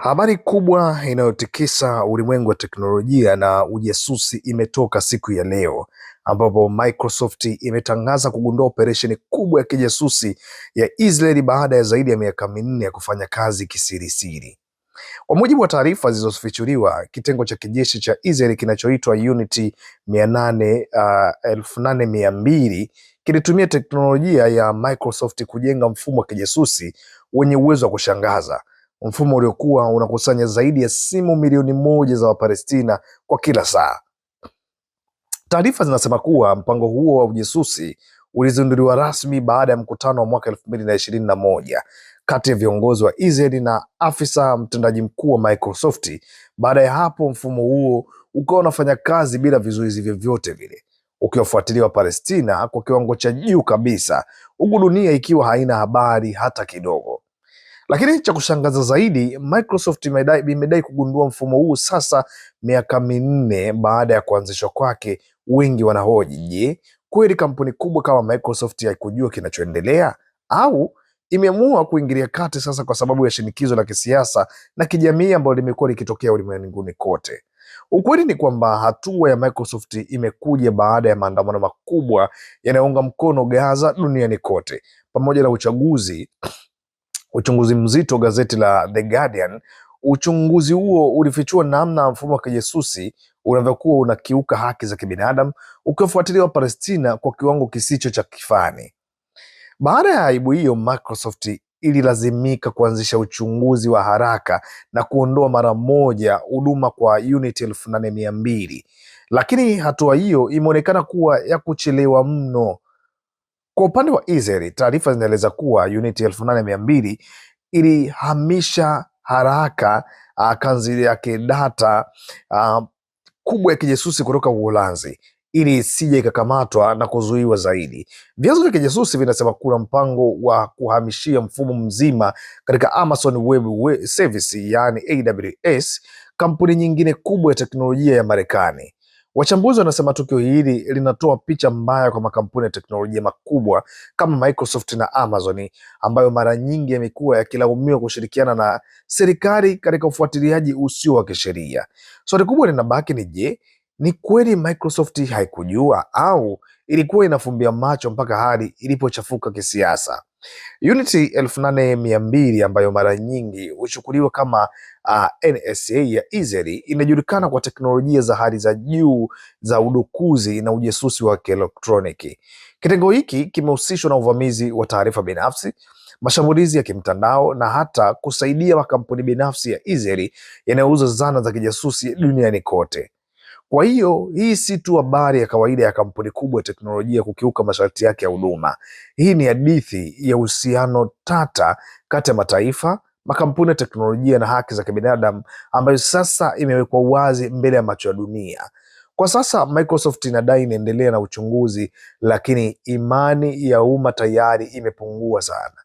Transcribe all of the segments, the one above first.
Habari kubwa inayotikisa ulimwengu wa teknolojia na ujasusi imetoka siku ya leo ambapo Microsoft imetangaza kugundua operesheni kubwa ya kijasusi ya Israeli baada ya zaidi ya miaka minne ya kufanya kazi kisirisiri. Kwa mujibu wa taarifa zilizofichuliwa, kitengo cha kijeshi cha Israeli kinachoitwa Unity 800 8200 uh, kilitumia teknolojia ya Microsoft kujenga mfumo wa kijasusi wenye uwezo wa kushangaza mfumo uliokuwa unakusanya zaidi ya simu milioni moja za Wapalestina kwa kila saa. Taarifa zinasema kuwa mpango huo wa ujasusi ulizinduliwa rasmi baada ya mkutano wa mwaka elfu mbili na ishirini na moja kati ya viongozi wa israel na afisa mtendaji mkuu wa Microsoft. Baada ya hapo, mfumo huo ukawa unafanya kazi bila vizuizi vyovyote vile, ukiwafuatilia Wapalestina kwa kiwango cha juu kabisa, huku dunia ikiwa haina habari hata kidogo. Lakini cha kushangaza zaidi, Microsoft imedai kugundua mfumo huu sasa miaka minne baada ya kuanzishwa kwake. Wengi wanahoji, je, kweli kampuni kubwa kama Microsoft haikujua kinachoendelea au imeamua kuingilia kati sasa kwa sababu ya shinikizo la kisiasa na kijamii ambalo limekuwa likitokea ulimwenguni kote? Ukweli ni kwamba hatua ya Microsoft imekuja baada ya maandamano makubwa yanayounga mkono Gaza duniani kote pamoja na uchaguzi uchunguzi mzito gazeti la The Guardian. Uchunguzi huo ulifichua namna mfumo wa kijasusi unavyokuwa unakiuka haki za kibinadamu ukiwafuatilia palestina kwa kiwango kisicho cha kifani. Baada ya aibu hiyo, Microsoft ililazimika kuanzisha uchunguzi wa haraka na kuondoa mara moja huduma kwa unit elfu nane mia mbili, lakini hatua hiyo imeonekana kuwa ya kuchelewa mno kwa upande wa Israeli, taarifa zinaeleza kuwa uniti elfu nane mia mbili ilihamisha haraka uh, kanzi yake data uh, kubwa ya kijasusi kutoka Uholanzi ili isije ikakamatwa na kuzuiwa zaidi. Vyanzo vya kijasusi vinasema kuna mpango wa kuhamishia mfumo mzima katika Amazon Web Service, yaani AWS, kampuni nyingine kubwa ya teknolojia ya Marekani. Wachambuzi wanasema tukio hili linatoa picha mbaya kwa makampuni ya teknolojia makubwa kama Microsoft na Amazon ambayo mara nyingi yamekuwa yakilaumiwa kushirikiana na serikali katika ufuatiliaji usio wa kisheria. Swali so, kubwa linabaki ni je, ni kweli Microsoft haikujua au ilikuwa inafumbia macho mpaka hali ilipochafuka kisiasa? Uniti elfu nane mia mbili ambayo mara nyingi huchukuliwa kama uh, NSA ya Israeli inajulikana kwa teknolojia za hali za juu za udukuzi na ujasusi wa kielektroniki. Kitengo hiki kimehusishwa na uvamizi wa taarifa binafsi, mashambulizi ya kimtandao na hata kusaidia makampuni binafsi ya Israeli yanayouza zana za kijasusi duniani kote. Kwa hiyo hii si tu habari ya kawaida ya kampuni kubwa ya teknolojia kukiuka masharti yake ya huduma. Hii ni hadithi ya uhusiano tata kati ya mataifa, makampuni ya teknolojia na haki za kibinadamu ambayo sasa imewekwa wazi mbele ya macho ya dunia. Kwa sasa Microsoft inadai inaendelea na uchunguzi, lakini imani ya umma tayari imepungua sana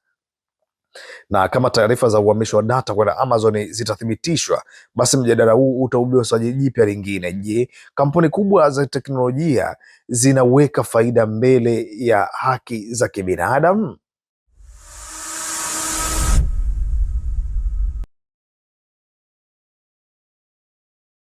na kama taarifa za uhamisho wa data kwenda Amazon zitathibitishwa, basi mjadala huu utaubiwa swali jipya lingine. Je, kampuni kubwa za teknolojia zinaweka faida mbele ya haki za kibinadamu?